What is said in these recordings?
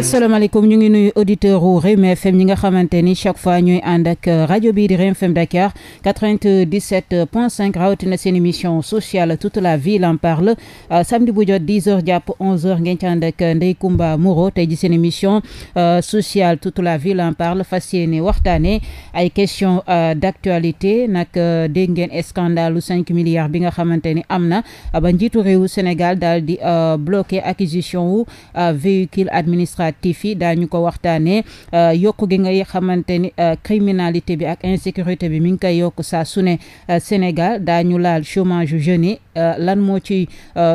asalaamaaleykum ñu ngi nuy auditeurs u Rewmi FM ñi nga xamante ni chaque fois ñuy ànd ak euh, rajo bii di Rewmi FM Dakar 97 point 5 rawatina seen émission sociale toute la ville en parle euh, samedi bu jot 10 heures jàpp 11 heures ngeen ci ànd ak euh, Ndeye Comba Moreau tey ji seen émission sociale toute la ville en parle fas yéene waxtaane ay question d'actualité nag dégg ngeen scandalu 5 milliards bi nga xamante ni am na ba njiitu réewu Sénégal daal di bloqué acquisition wu véhicule administratif Latifi daañu ko waxtaanee euh, yokk gi ngay xamante ni euh, criminalité bi ak insécurité bi mi ngi koy yokk sa su ne euh, Sénégal daañu laal chômage jeunes yi lan moo ci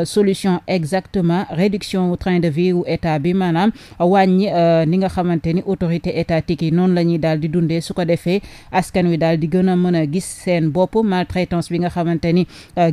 solution exactement réduction au de vie état bi maanaam wàññi ni nga xamante ni autorité étatique yi noonu la ñuy daal di dundee su ko defee askan wi daal di gën a mën a gis seen bopp maltraitance bi nga xamante ni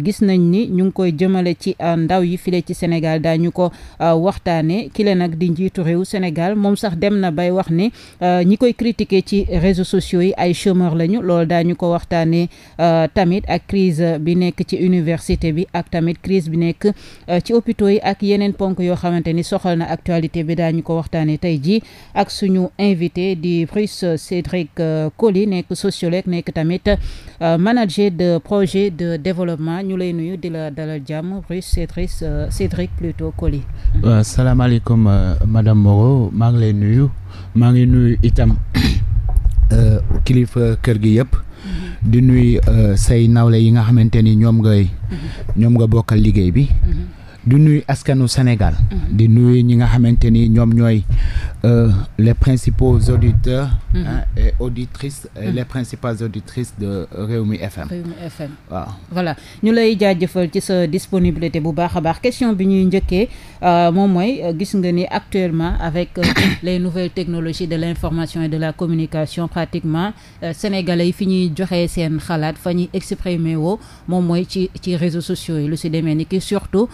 gis nañ ni ñu ngi koy jëmale ci ndaw yi file ci Sénégal daañu ko waxtaanee kile nag di njiitu réew Sénégal moom sax dem na bay wax ni euh, ñi koy critiquer ci réseau sociaux yi ay chômeur lañu loolu daañu ko waxtaanee euh, tamit ak crise bi nekk ci université bi ak tamit crise bi nekk euh, ci hôpitaux yi ak yeneen ponk yoo xamante ni soxal na actualité bi daañu ko waxtaanee tey jii ak suñu invité di Brice Cédric Coly nekk sociologue nekk tamit manager de projet de développement ñu lay nuyu di la dalal jàmm Brice Cédric Cédric plutôt Coly Euh, salaamaaleykum euh, madame Moreau maa ngi lay nuyu maa ngi nuyu itam euh, kilifa kër gi yëpp. Mm-hmm. di nuyu say nawle yi nga xamante ni ñoom ngay. Mm-hmm. ñoom nga bokkal liggéey bi. Mm-hmm. di nuyu askanu Sénégal. di nuyu ñi nga xamante ni ñoom ñooy euh, les principaux auditeurs. Mm-hmm. Hein, et auditrices et les mm-hmm. principales auditrices de Rewmi FM. voilà ñu lay jaajëfal ci sa disponibilité bu baax a baax question bi ñuy njëkkee euh, moom mooy euh, gis nga ni actuellement avec les nouvelles technologies de l'information et de la communication pratiquement sénégalais yi fi ñuy joxee seen xalaat fa ñuy exprimer woo moom mooy ci ci réseaux sociaux yi lu si demee ni ki surtout.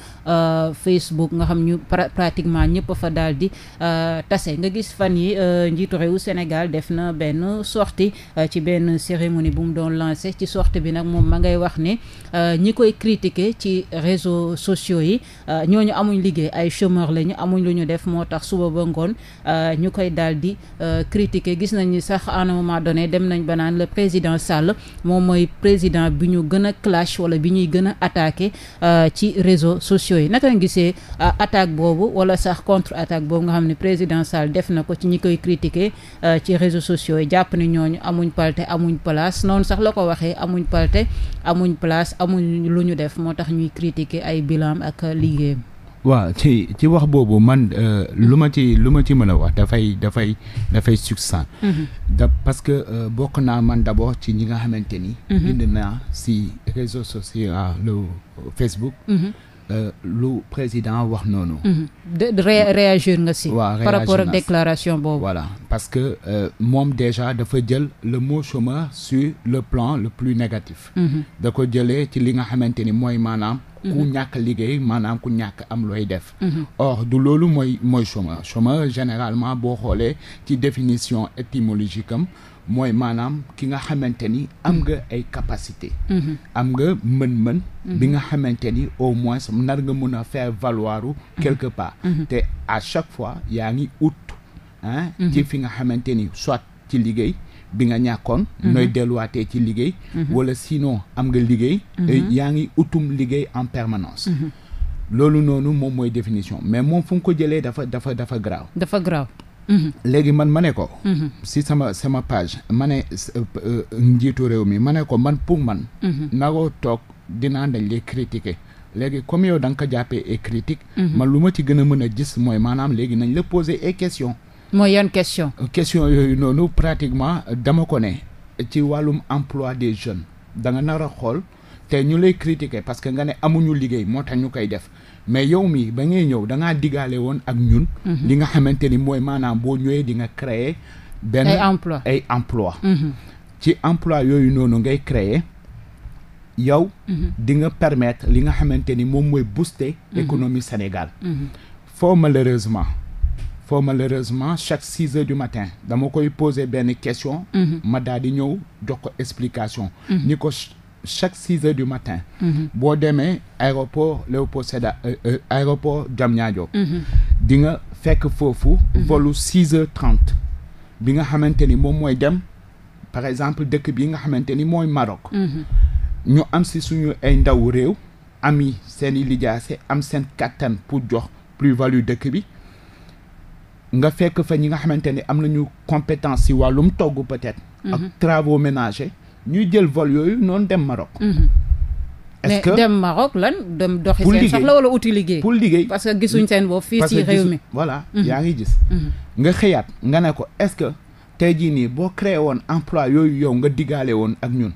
Facebook nga xam ñu pratiquement ñëpp fa daal di euh, tase nga gis fan yi euh, njiitu réewu Sénégal def na benn sorti euh, ci benn cérémonie bu mu doon lancé ci sortie bi nag moom ma ngay wax ne ñi koy critiquer ci réseau sociaux yi ñooñu amuñ liggéey ay chômeur lañu amuñ lu ñu def moo tax suba ba ngoon ñu koy daal di critiquer gis nañ ni sax à un moment dem nañ banaan naan le président Sall moom mooy président bi ñu gën a clash wala bi ñuy gën a attaqué ci réseau sociaux yi yi naka nga ah, attaque boobu wala sax contre attaque boobu nga xam ne président Sall def na ko ci ñi koy critiquer ah, ci réseaux sociaux yi jàpp ne ñooñu amuñ palte amuñ place noonu sax la ko waxee amuñ palte amuñ place amuñ lu ñu def moo tax ñuy critiquer ay bilan ak liggéey waaw ci ci wax boobu man euh, lu ma ci lu ma ci mën a wax dafay dafay dafay succinct mhm. da parce que euh, bokk naa man d'abord ci ñi nga xamante ni mhm. bind naa si réseaux sociaux ah, le Facebook mhm. Euh, lu président wax noonu. Mhm. de réagir nga si. par rapport ak déclaration boobu. voilà parce que euh, moom déjà dafa jël le mot chômeur su le plan le plus négatif. Mhm. da ko jëlee ci li nga xamante ni mooy maanaam. ku mhm. ñàkk liggéey maanaam ku ñàkk am looy def. or du loolu mooy mooy chômeur chômeur généralement boo xoolee ci définition étymologique am. mooy maanaam ki nga xamante ni am nga ay capacité mhm. am nga mën-mën mhm. bi nga xamante ni au moins nar nga mun a fair valoir mhm. quelque part te à chaque fois yaa ngi ut ah ci fi nga xamante ni soit ci liggéey bi nga ñàkkoon nooy delluwaatee ci liggéey wala sinon am nga liggéey eh, yaa ngi utum liggéey en permanence loolu noonu moom mooy définition mais moom fu nga ko jëlee dafa dafa dafa graw dafa graaw Mm-hmm. léegi man ma ne ko. Mm-hmm. si sama sama page ma ne eh, eh, njiitu réew mi ma ne ko man pour man. Mm-hmm. nagoo toog dinaa dañ lay critiquer. léegi comme yow da nga ko jàppee et critique. man lu ma ci gën a mën a gis mooy maanaam léegi nañ la poser ay questions. moo yan question euh, question yooyu noonu pratiquement dama ko ne ci wàllum emploi des jeunes da nga nar a xool. te ñu lay critiquer parce que nga ne amuñu liggéey moo tax ñu koy def mais yow mii ba ngay ñëw da ngaa digaale woon ak ñun. Mhm. li nga xamante ni mooy maanaam boo ñëwee di nga créer. benn emploi ay emploi mhm. ci emploi yooyu noonu ngay créer yow. Mhm. di nga permettre li nga xamante ni moom mooy booster. économie Sénégal. foo malheureusement. foo malheureusement chaque six heures du matin dama koy poser benn question. ma daal di ñëw jox ko explication. ni ko chaque six heures du matin mhm. boo demee aéroport Léopold Sédar euh, euh, aéroport Diamniadio mhm. di nga fekk foofu mhm. volu six heures trente bi nga xamante ni moom mooy dem par exemple dëkk bi nga xamante ni mooy Maroc ñu am si suñu ay ndaw réew ami seen i lijaase am seen kattan pour jox plus-value dëkk bi nga fekk fa ñi nga xamante ni am nañu compétence si wàllum togg peut-être ak travaux ménagers ñuy jël vol yooyu noonu dem Maroc. Mhm. est dem Maroc lan dem doxi seen soxla wala uti liggéey pour liggéey parce que gisuñ seen bopp fii ci réew mi voilà mhm. yaa ngi gis mhm. nga xëyaat nga ne ko est-ce que tey jii nii boo créé woon emploi yooyu yow nga diggaale woon ak ñun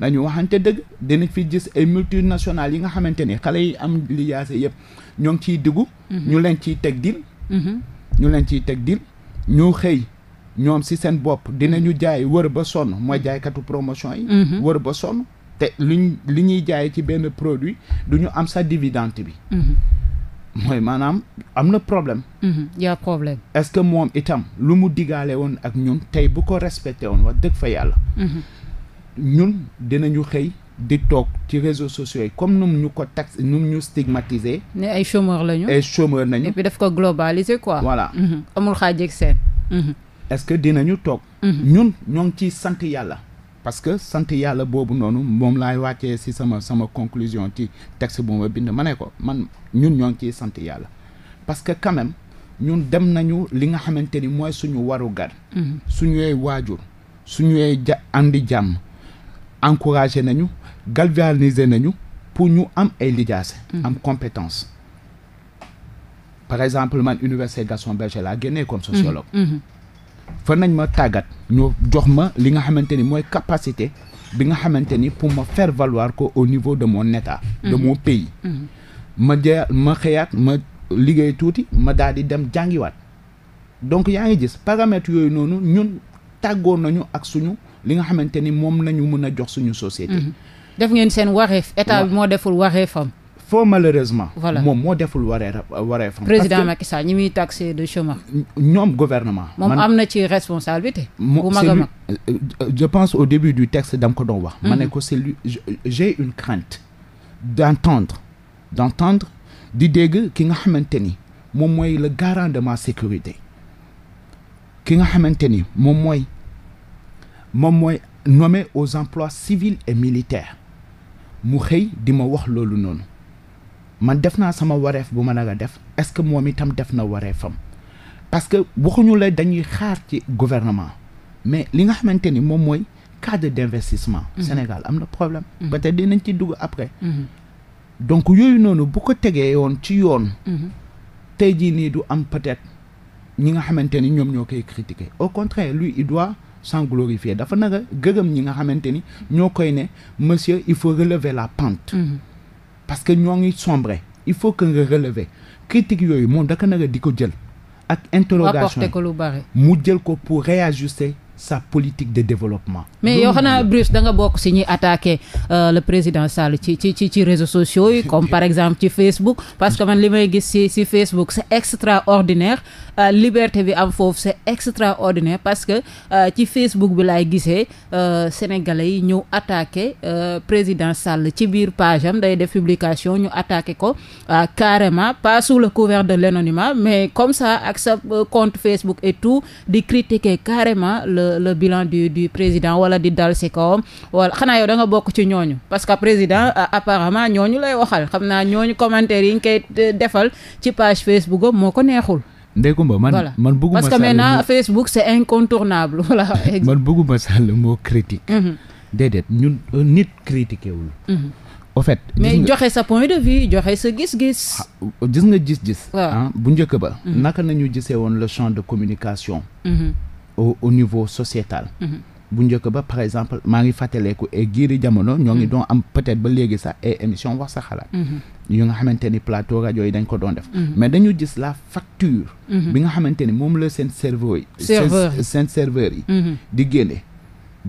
dañu waxante dëgg dinañ fi gis ay multinationales yi nga xamante ni xale yi am lijaase yëpp ñoo ngi ciy diggu ñu leen ciy teg dil ñu leen ciy teg dil ñu xëy ñoom si seen bopp dina ñu jaay wër ba sonn mooy jaaykatu promotion yi. Mhm. wër ba sonn te luñ li ñuy jaay ci benn produit du ñu am sa dividende bi. Mhm. mooy maanaam am na problème. Mhm. y a problème. est-ce que moom itam lu mu digaale woon ak ñun tey bu ko respecté woon wax dëgg fa yàlla. ñun dinañu xëy. di toog ci réseau sociaux yi comme num ñu ko tax num ñu stigmatiser. ne ay chômeurs lañu. ay chômeurs nañu. et puis ko globaliser quoi. voilà amul xaaj ak seen. est-ce que dinañu toog. Mhm. ñun ñoo ngi ciy sant yàlla. parce que sant yàlla boobu noonu moom laay wàccee si sama sama conclusion ci texte bu ma bind ma ne ko man ñun ñoo ngi ciy sant yàlla parce que quand ñun dem nañu li nga xamante ni mooy suñu warugar. Mhm. suñuy waajur suñu suñuy ja indi jàmm encouragé nañu galvaniser nañu pour ñu am ay lijaase. Mhm. am compétence par exemple man université Gaston Berger laa génnee comme sociologue. fa nañ ma tàggat ñu jox ma li nga xamante ni mooy capacité bi nga xamante ni pour ma faire valoir ko au niveau de mon état de mhm. mon pays mhm. ma jee ma xëyaat ma liggéey tuuti ma daal di dem jàngiwaat donc yaa ngi gis paramètres yooyu noonu ñun tàggoon nañu ak suñu li nga xamante ni moom nañu mën a jox suñu société mhm. def ngeen seen wareef état bi moo deful wareefam foo malheureusement. voilà moom moo deful wareef wareefam. président Macky Sall ñi muy taxé de chômage. ñoom gouvernement. moom am na ci responsabilité. bu mag euh, euh, je pense au début du texte dama ko doon wax. ma ne mhm. ko c'est lui j'ai une crainte. d'entendre d'entendre di dégg ki nga xamante ni moom mooy la garant de ma sécurité ki nga xamante ni moom mooy moom mooy nommé aux emplois civils et militaires mu xëy di ma wax loolu noonu. man def naa sama wareef bu ma nag def est-ce que moom itam def na wareefam parce que waxuñu la dañuy xaar ci gouvernement mais li nga xamante ni moom mooy cadre d'investissement. Mm Sénégal am na problème. Mm -hmm. peut-être dinañ ci dugg après. Mhm. donc yooyu noonu bu ko tegee yoon ci yoon. Mhm. tey jii nii du am peut-être ñi nga xamante ni ñoom ñoo koy critiquer au contraire lui il doit glorifier dafa nag a gërëm ñi nga xamante ni ñoo koy ne monsieur il faut relever la pente. Mhm. parce que ñoo ngi sombre il faut que nga relever critique yooyu moom daka naka di ko jël ak interrogation mu jël ko pour réajuster sa politique de développement. mais yow xanaa Bruce da nga bokk si attaque attaqué euh, le président Sall ci ci ci ci réseaux sociaux yi comme par exemple ci Facebook parce que man li may gis si si Facebook c'est extraordinaire Euh, liberté bi am foofu c'est extraordinaire parce que euh, ci Facebook bi laay gisee euh, sénégalais yi ñëw attaqué président Sall ci biir page am day def publication ñu attaqué ko carrément pas sous le couvert de l'anonymat mais comme ça ak sa compte Facebook et tout di critiquer carrément le le bilan du du président wala di dal si kawam wala xanaa yow da nga bokk ci ñooñu parce que président apparemment ñooñu lay waxal xam naa ñooñu commentaire yi ñu koy defal ci page Facebook am moo ko neexul. Ndeykumba man voilà. man bëgguma parce que maintenant Facebook c'est incontournable voilà. man bëgguma sax le mot critique mm -hmm. ñun euh, nit critiqué wul. Mm au fait. mais joxe sa point de vue sa gis-gis. Ah, gis nga gis-gis. waaw ah, bu njëkk ba. Mhm. naka nañu gisee woon le champ de communication. Mhm. au niveau sociétal. Mhm. bu njëkk ba par exemple maa ngi fàttaleeku et eh, giiri jamono ñoo ngi doon am peut-être ba léegi sax ay émission wax sa xalaat. yu nga xamante ni plateau rajo yi dañ ko doon def mhm. mais dañu gis la facture mhm. bi nga xamante ni moom la seen cerveau yi seen serveur yi mhm. di génne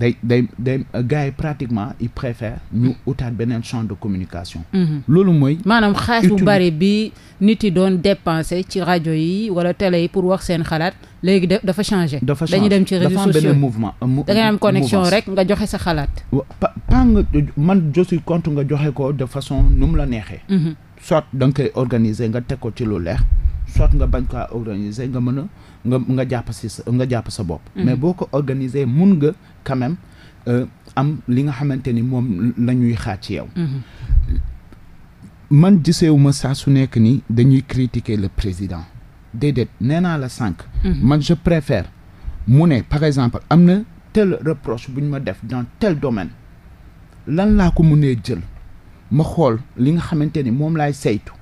day day day gars yi pratiquement ils préfèrent ñu utaat beneen champ de communication. Mhm. loolu mooy. maanaam xaalis bu bari bi nit yi doon dépenser ci rajo yi wala télé yi pour wax seen xalaat léegi dafa changé. dafa changé dem ci réseaux sociaux dafa am benn mouvement. da ngay rek nga joxe sa xalaat. pa pas nga man je suis nga joxe ko de façon nu mu la neexee. Mhm. soit da nga koy organiser nga teg ko ci lu leer. soit nga bañ kaa organiser nga mën nga nga jàpp si sa nga jàpp sa bopp. Mhm. mais boo ko organiser mun nga quand même euh, am li nga xamante ni moom la ñuy xaaj ci yow. Mhm. man gisewu ma saa su nekk ni dañuy critiquer le président déedéet nee naa la sànq. Mhm. man je préfère mu ne par exemple am na tel reproche bu ñu ma def dans tel domaine lan laa ko mënee jël ma xool li nga xamante ni moom lay saytu.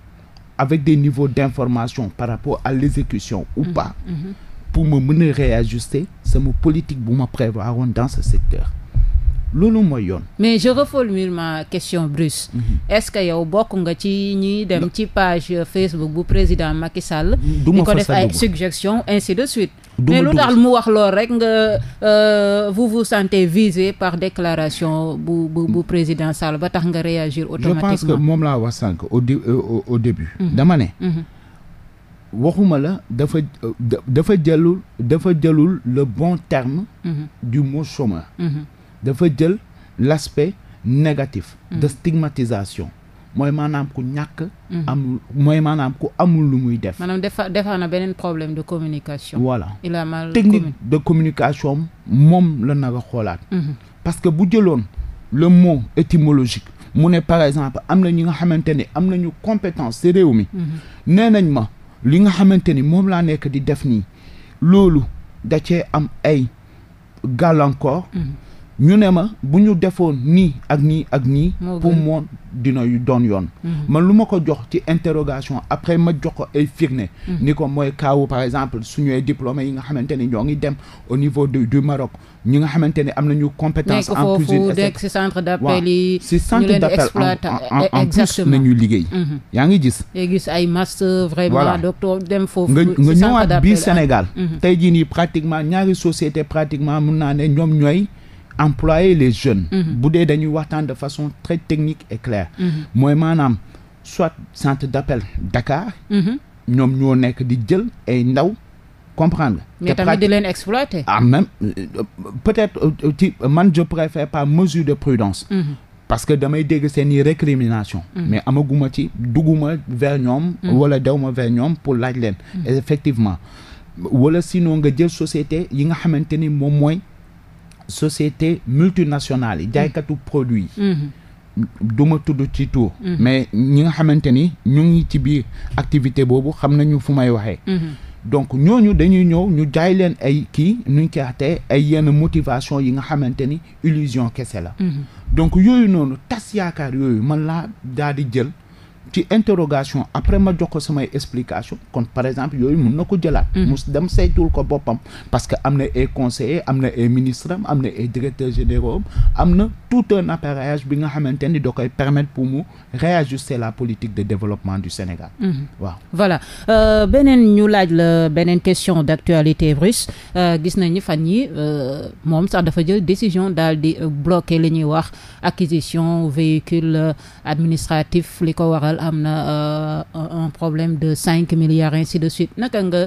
avec des niveaux d'information par rapport à l'exécution ou mhm, pas mhm. pour ma mën a réajuster sama politique bu ma prévoir woon dans ce secteur loolu mooy yoon. mais je reformule ma question Bruce. Mm est-ce que yow bokk nga ci ñi dem ci page Facebook bu président Macky Sall. di ko def ay suggestions ainsi de suite. mais lu tax mu wax lool rek nga euh, vous vous sentez visé par déclaration bu bu président Sall ba tax nga réagir automatiquement. je moom laa wax sànq au di euh, début. Mm-hmm. dama ne. Mm-hmm. waxuma la dafa euh, dafa jëlul dafa jëlul le bon terme. Mm-hmm. du mot chômeur. dafa jël l' aspect négatif. de stigmatisation. mooy maanaam ku ñàkk. Mhm. am mooy maanaam ku amul lu muy def. maanaam defa defar beneen problème de communication. voilà il a mal de communication moom la nar a xoolaat. Mhm. parce que bu jëloon le mot étymologique mu ne par exemple am na ñi nga xamante ni am nañu compétence ci réew mi. Mhm. nee nañ ma li nga xamante ni moom laa nekk di def nii loolu da cee am ay gàllankoor. ñu ne ma bu ñu defoon nii ak nii ak nii pour moom dina doon yoon mhm. man lu ma ko jox ci interrogation après ma jox ko ay firnde mhm. ni ko mooy kaawu par exemple suñuy diplômé yi nga xamante ni ñoo ngi dem au niveau du du Maroc ñi nga xamante ne am nañu compétence en cuisine nekk si centre d'appel yi si centre d'appel en plus nañu liggéey mhm. yaa ngi gis ngay gis ay master vraiment docteur dem foofu nga nga ñëwaat Sénégal tey jii nii pratiquement ñaari société pratiquement mun naa ne ñoom ñooy employer les jeunes. Mhm. bu dee dañuy waxtaan de façon très techniques et claire. Mhm. mooy maanaam soit sant d'appel Dakar. Mhm. ñoom ñoo nekk di jël ay ndaw. comprendre mais tamit di leen exploiter. ah même euh, euh, peut-être ci euh, man je préfère par mesure de prudence. parce que damay dégg seen i récrimination mais amaguma ci dugguma vers ñoom. wala dewma vers ñoom pour laaj leen. effectivement wala sinon nga jël société yi nga xamante ni moom mooy. société multinationale yi jaaykatu produit mm-hmm. du ma tudd ci tout mm-hmm. mais ñi nga xamante ni ñu ngi ci biir activité boobu xam nañu fu may waxee mm-hmm. donc ñooñu dañuy ñëw ñu jaay leen ay kii nuñ ci axtee ay yenn motivation yi nga xamante ni illusion kese la donc yooyu noonu tas yaakaar yooyu man laa daal di jël ci interrogation après ma jox ko samay explication kon par exemple yooyu mun na ko jëlaat mm-hmm. mu dem saytul ko boppam parce que am na ay conseillers am na ay ministres am na ay directeurs généraux am na tout un appareillage bi nga xamante ni da koy permettre pour mu réajuster la politique de développement du Sénégal. Mhm. waaw voilà euh, beneen ñu laaj la beneen question d'actualité russe euh, gis nañu fan yi euh, moom sax dafa jël décision daal di bloquer li ñuy wax acquisition véhicule administratif li ko waral am na un problème de cinq milliards ainsi de suite naka nga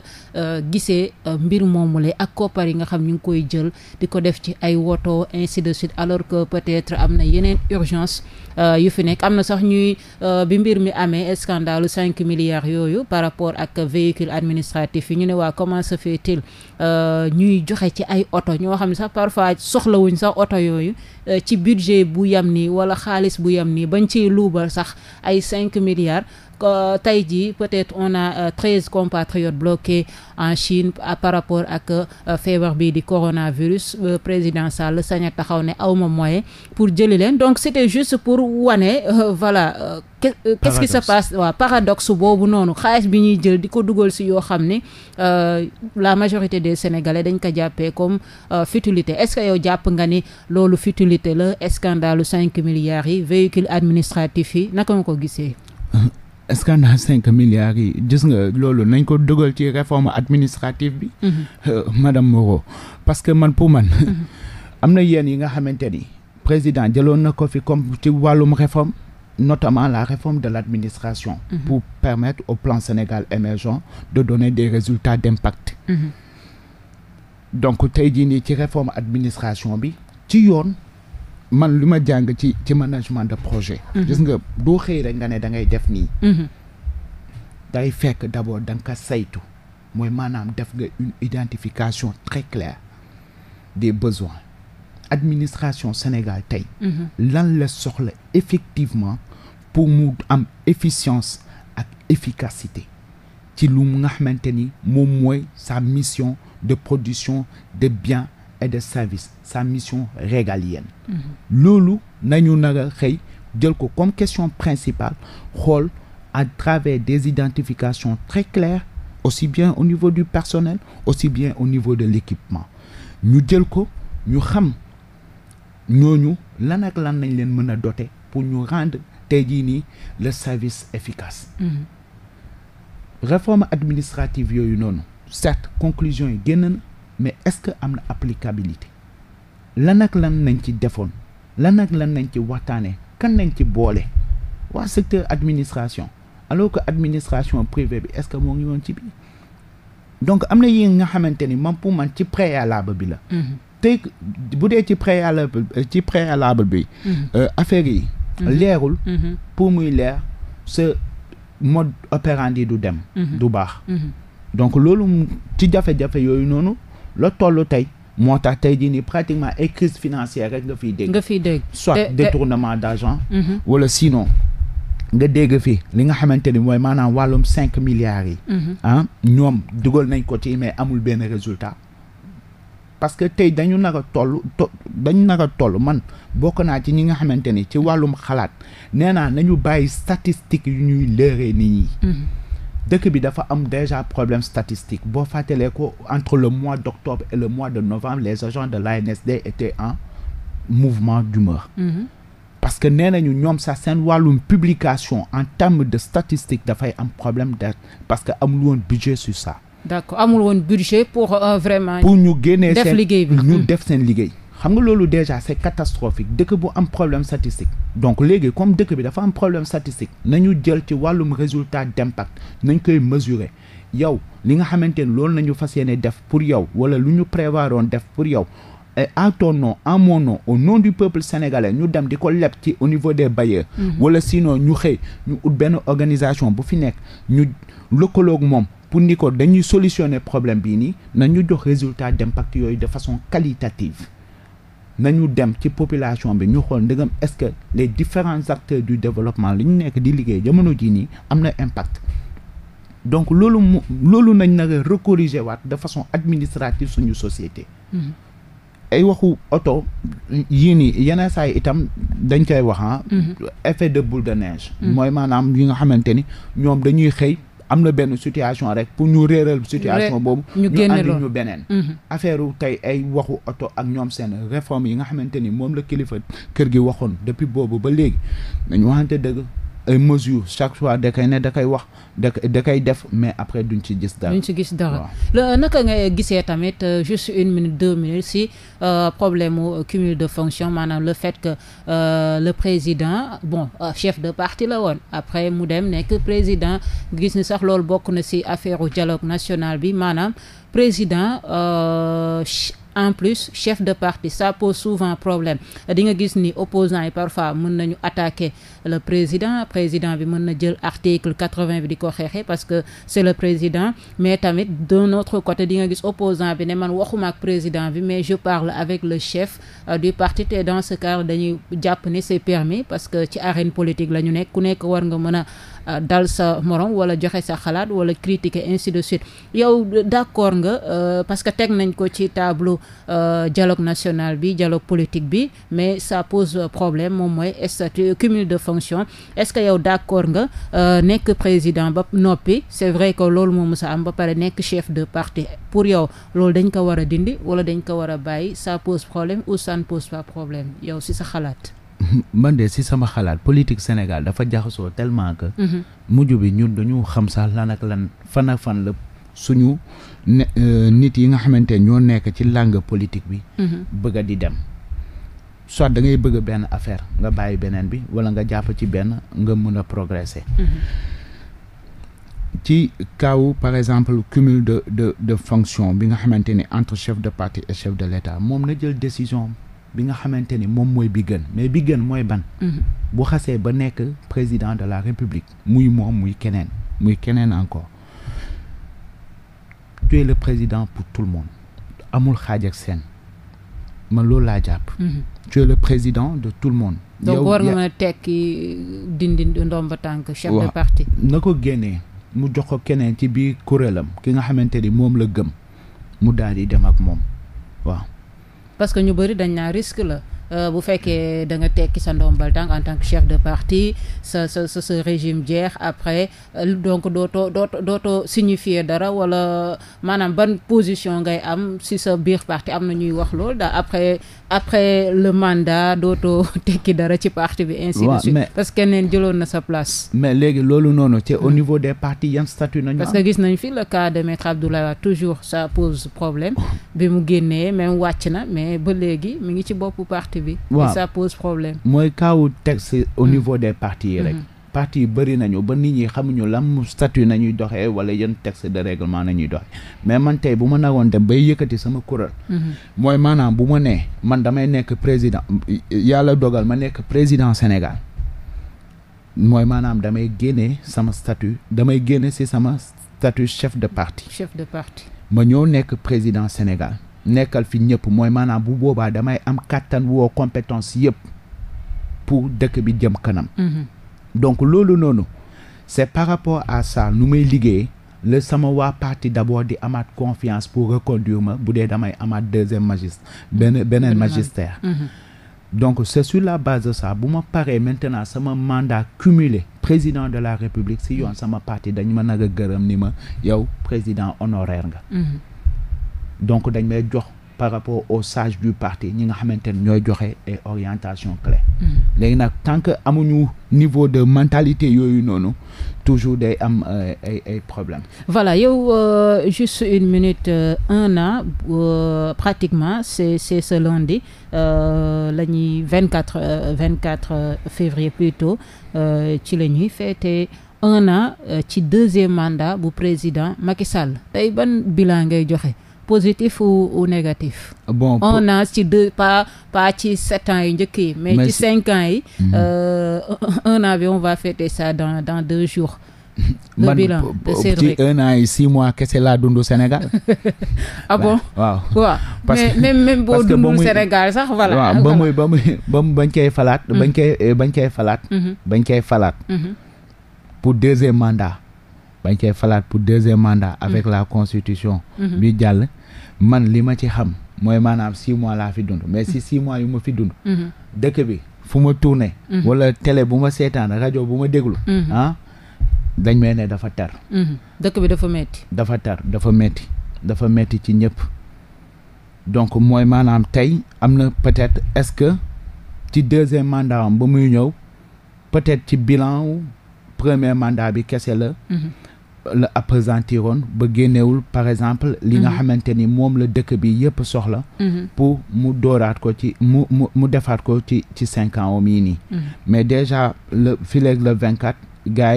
gisee mbir moomule ak koppar yi nga xam ñu ngi koy jël di ko def ci ay woto ainsi de suite alors que peut peut am na yeneen urgence euh, yu fi nekk am na sax ñuy euh, bi mbir mi amee scandalu cinq milliards yooyu par rapport ak véhicule administratif yi ñu ne waa comment se fait-il euh, ñuy joxe ci ay oto ñoo xam ne sax parfois soxlawuñ sax oto yooyu ci budget bu yam nii wala xaalis bu yam nii bañ ciy luubal sax ay cinq milliards Euh, tey jii peut-être on a euh, treize compatriotes bloqués en Chine par rapport ak euh, feebar bii di coronavirus président Sall sañ taxaw ne aw ma moyen pour jëli leen donc c'était juste pour wane voilà. qu'est-ce qui se passe waaw boobu noonu xaalis bi ñuy jël di ko dugal si yoo xam ne la majorité des sénégalais dañ ko jàppee comme futilité est yow jàpp nga ni loolu futilité la scandale cinq milliards yi véhicule administratif yi naka nga ko gisee scandale cinq milliards yi gis nga loolu nañ ko dugal ci réforme administrative bi mhm. euh, madame Moreau parce que man pour man mhm. am na yéen yi nga xamante ni président jëloon na ko fi comme ci wàllum réforme notamment la réforme de l'administration mm -hmm. pour permettre au plan Sénégal émergent de donner des résultats d'impact mm -hmm. donc tey jii nii ci réforme administration bi ci yoon man lu ma jàng ci ci management de projet. Mhm. gis nga doo xëy rek nga ne da ngay def nii. Mhm. day fekk d' abord da nga saytu mooy maanaam def nga une identification très claire des besoins administration Sénégal tey. Mhm. lan la soxla effectivement pour mu am efficience ak efficacité ci lu nga xamante ni moom mooy sa mission de production de biens et de services. sa mission régalienne. loolu nañu nag a xëy jël ko comme question principale xool à travers des identifications très claires aussi bien au niveau du personnel aussi bien au niveau de l'équipement ñu jël ko ñu xam ñooñu la ak lan nañ leen mën a doter pour ñu rendre tey jii nii le service efficace. Mhm. réforme administrative yooyu noonu certes conclusion yi génn mais est-ce que am na applicabilité. lan ak lan nañ ci defoon lan nag lan nañ ci waxtaanee kan nañ ci boole waa secteur administration alors que administration privée bi est-ce que moo ngi woon ci biir donc am na yi nga xamante ni man pour man ci préalable bi la. Mm-hmm. tey bu dee ci préalable ci préalable bi. Mm-hmm. Euh, affaire yi. Mm-hmm. leerul. pour muy leer ce mode opérandi du dem. du baax. donc loolu ci jafe-jafe yooyu noonu la tollu tey. moo tax tey jii nii pratiquement ay crise financière rek nga fiy dégg. nga fiy dégg soit détournement d' argent. Mhm. wala sinon nga dégg fi li nga xamante ni mooy maanaam wàllum cinq milliards yi. Mhm. ah ñoom dugal nañ ko ci mais amul benn résultat. parce que tey dañu nar a toll to dañu nar a toll man bokk naa ci ñi nga xamante ni ci wàllum xalaat nee naa nañu bàyyi statistique yu ñuy lëre nit ñi. Mhm. dëkk bi dafa am déjà problème statistique boo fàttalee ko entre le mois d'octobre et le mois de novembre les agents de l'ANSD étaient en mouvement d'humeur mhm. parce que nee nañu ñoom sax seen wàllum publication en termes de statistique dafay am problème de parce que amul woon budget sur ça d'accord amul woon budget pour euh, vraiment pour ñu génnee seen def liggéey bi ñu mm. def seen liggéey xam nga loolu déjà c'est catastrophique dëkk bu am problème statistique donc léegi comme dëkk bi dafa am problème statistique nañu jël ci wàllum résultat d'impact nañ koy mesurer yow li nga xamante ni loolu nañu fas yéene def pour yow wala lu ñu prévoir woon def pour yow à ton nom en mon au nom du peuple sénégalais ñu dem di ko leb ci au niveau des bailleurs mhm. wala sinon ñu xëy ñu ut benn organisation bu fi nekk ñu lëkkaloog moom pour ni ko dañuy solutionner problème bii nii nañu jox résultat d'impact yooyu de façon qualitative nañu dem ci population bi ñu xool ndegam est-ce que les différents acteurs du développement li ñu nekk di liggéey jamono jii nii am na impact donc loolu mu loolu nañ nag recorriger waat de façon administrative suñu société hmm. ay waxu oto yii nii yeneen saa yi itam dañ koy wax ah hmm. effet de boule de neige hmm. mooy maanaam yi nga xamante ni ñoom dañuy xëy am na benn situation rek pour ñu réeral situation boobu ñu andi ñu beneen mhm. affaire u tey ay waxu oto ak ñoom seen réforme yi nga xamante ni moom la kilifa kër gi waxoon depuis boobu ba léegi nañu waxante dëgg ay mesures chaque fois da ne da koy wax da koy def mais après duñ ci gis dara. duñ ci gis dara naka ngay gisee tamit euh, juste une minute deux minutes si euh, problème mu cumul de fonction maanaam le fait que euh, le président bon euh, chef de parti la woon après mu dem nekk président gis ni sax lool bokk na si affaire dialogue national bi maanaam président euh, en plus chef de parti ça pose souvent problème di nga gis ni opposants yi parfois mën nañu attaquer le président président bi mën na jël article quatre-vingt bi di ko xeexee parce que c'est le président mais tamit d'un autre côté di nga gis opposant bi ne man waxumaak président bi mais je parle avec le chef euh, du parti te dans ce cas dañuy jàpp ni c'est permis parce que ci arène politique la ñu nekk ku nekk war nga mën a Euh, dal sa morom wala joxe sa xalaat wala critiquer ainsi de suite yow d'accord nga euh, parce que teg nañ ko ci tableau euh, dialogue national bi dialogue politique bi mais sa pose problème moom mooy statut cumul de fonction est-ce que yow d'accord nga nekk président ba noppi c'est vrai que loolu moo mës a am ba pare nekk chef de parti pour yow loolu dañ ko war a dindi wala dañ ko war a bàyyi sa pose problème ou ça ne pose pas problème yow si sa xalaat man de si sama xalaat politique Sénégal dafa jaxasoo tellement que. Mhm. mujj bi ñun dañu xam sax lan lan fan fan la suñu ne euh, nit yi nga xamante ñoo nekk ci langue politique bi. Mhm. bëgg di dem. soit da ngay bëgg benn affaire nga bàyyi beneen bi wala nga jàpp ci benn nga mën a progresser. Mhm. ci kaw par exemple cumul de de de fonction bi nga xamante ni entre chef de parti et chef de l'État moom na jël décision bi nga xamante ni moom mooy bi gën mais bi gën mooy ban mm-hmm. bu xasee ba nekk président de la république muy moom muy keneen muy keneen encore tu le président pour tout le monde amul xaaj ak seen man loolu laa jàpp mm-hmm. tu le président de tout le monde donc war nga mën tekki dindi ndomba tànk chef de parti na ko génnee mu jox ko keneen ci biir kuréelam ki nga xamante ni moom la gëm mu daal di dem ak moom waaw parce que ñu bëri dañ naa la Euh, bu fekkee danga tekki sa ndombal tànk en tant que chef de parti sa sa sa régime jeex après euh, donc dootoo dootoo dootoo signifier dara wala maanaam ban position ngay am si sa biir parti am na ñuy wax loolu daal après après le mandat dootoo tekki dara ci parti bi. ainsi de suite parce que keneen jëloon na sa place. mais léegi loolu noonu ci au mm. niveau des partis yan statut nañu parce que gis nañ fi le cas de maître Abdoulaye Wade toujours ça pose problème oh. bi mu génnee même wàcc na parti bi. waaw ça pose problème. mooy kaw texte au mm. niveau des partis yi rek. Mm-hmm. parti yi bëri nañu ba nit ñi xamuñu lam statut nañuy doxee wala yan texte de règlement nañuy doxee mais man tey bu ma nagoon dem bay yëkkati sama kuréel. Mm-hmm. mooy maanaam bu ma nee man damay nekk président yàlla dogal ma nekk président Sénégal mooy maanaam damay génne sama statut damay génne ci sama statut chef de parti. chef de parti. ma ñëw nekk président Sénégal. nekkal fi ñëpp mooy maanaa bu boobaa damay am kàttan woo compétence yëpp pour dëkk bi jëm kanam mhm. donc loolu noonu c'est par rapport à ça nu may liggéey le sama waa parti d'abord di amaat confiance pour reconduire ma bu dee damay amaat deuxième magistrat benn beneen magistère mhm. donc c'est sur la base de ça bu ma paree maintenant sama mandat cumulé président de la république si yoon mhm. sama parti dañ ma nag gërëm ni ma yow président honoraire nga donc dañ may jox par rapport au sage du parti ñi nga xamante ne ñooy joxe ay orientation clé mm. léegi nag tant que amuñu niveau de mentalité yooyu noonu toujours day am euh, ay ay problème voilà yow euh, juste une minute euh, un an euh, pratiquement c'est c'est ce lundi euh, la ñuy vingt quatre vingt quatre février plutôt ci la ñuy fêter un an ci deuxième mandat bu président Macky Sall tey ban bilan ngay joxe positif ou, ou négatif. bon on a ci deux pas pas ci sept ans yi njëkk yi. mais ci cinq ans yi. Mm -hmm. euh, un an va fêter ça dans dans deux jours. le man, bilan de ci un an yi six mois kese laa dund Sénégal. ah bon waaw. waaw parce que boo dundul Sénégal sax voilà. waaw ba muy ba muy ba mu bañ koy falaat. Hmm. bañ koy eh, bañ koy falaat. Hmm. bañ koy falaat. Hmm. pour deuxième mandat. bañ koy falaat pour deuxième mandat. avec la constitution. bi jàll. man li ma ci xam mooy maanaam six mois laa fi dund mais si six mois yu ma fi dund mhm. dëkk bi fu ma tourné mhm. wala télé bu ma seetaan rajo bu ma déglu mhm. ah, dañ may ne dafa tar dëkk bi dafa metti dafa tar dafa metti dafa metti ci ñëpp donc mooy maanaam tey am na peut-être est-ce que ci deuxième mandat am ba muy ñëw peut-être ci bilan premier mandat bi kese la la appesantir woon ba génnewul par exemple li nga mhm. xamante ni moom la dëkk bi yëpp soxla mhm. pour mu dooraat ko ci mu mu mu defaat ko ci ci cinq ans om yi nii mhm. mais déjà le fileeg le vingt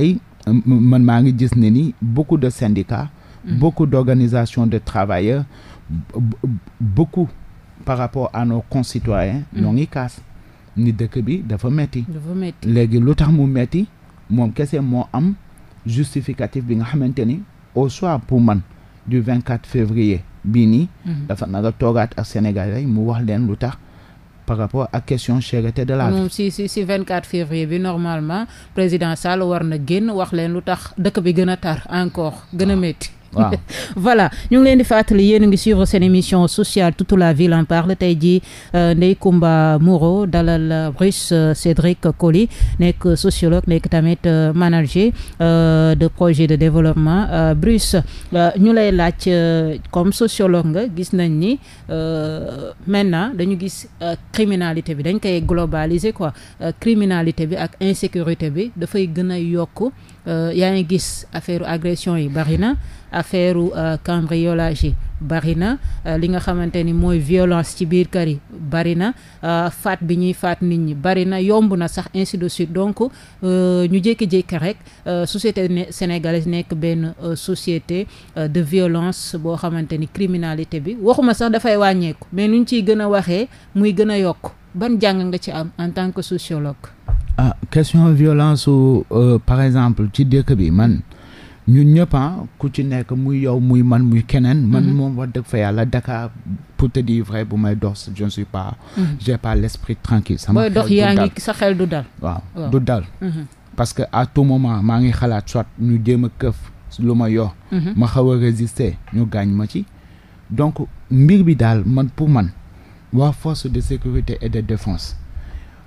yi man maa ngi gis ne ni beaucoup de syndicats beaucoup d'organisations de travailleurs beaucoup par rapport à nos concitoyens ñoo kaas ni dëkk bi dafa metti léegi lu tax mu metti moom kese moo am justificatif bi nga xamante ni au soir pour man du 24 février bii nii. Mhm. dafa nar a toogaat ak Sénégalais mu wax leen lu tax. par rapport ak question cherté te la vie. moom si si si février bi normalement président Sall war na génn wax leen lu tax dëkk bi gën a tar encore gën a ah. métti. waaw voilà ñu ngi leen di fàttali yéen a ngi suivre seen émission sociale tout la ville en parle tey jii euh, Ndeye Comba Moreau dalal euh, Bruce euh, Cédric Coly nekk sociologue nekk tamit manager de projet de développement Bruce ñu lay laaj comme sociologue nga gis nañ ni maintenant dañu gis criminalité bi dañ koy globaliser quoi criminalité bi ak insécurité bi dafay gën a yokk Euh, yaa ngi gis affaire agression yi bari na affaire euh, cambriolage yi bari na euh, li nga xamante ni mooy violence ci biir kar yi bari na faat bi ñuy faat nit ñi bari na yomb na sax insi de suite donc ñu jékki-jékki rek société sénégalaise nekk benn société de violence boo xamante ni criminalité bi waxuma sax dafay wàññeeku mais nuñ ciy gën a waxee muy gën a yokk ban jàng nga ci am en tant que sociologue question violence su euh, par exemple ci dëkk bi man ñu ñëpp ah, ku ci nekk muy yow muy man muy keneen. man mhm. moom wax dëgg fa yàlla Dakar pour te dire vrai bu may dox je ne suis pas. Mhm. j'ai pas l'esprit tranquille. sama xel du dal dox du dal. Mhm. parce que à tout moment maa ngi xalaat soit ñu jéem a këf lu ma yor. ma xaw a résister ñu gaañ ma ci. donc mbir bi daal man pour man waa force de sécurité et de défense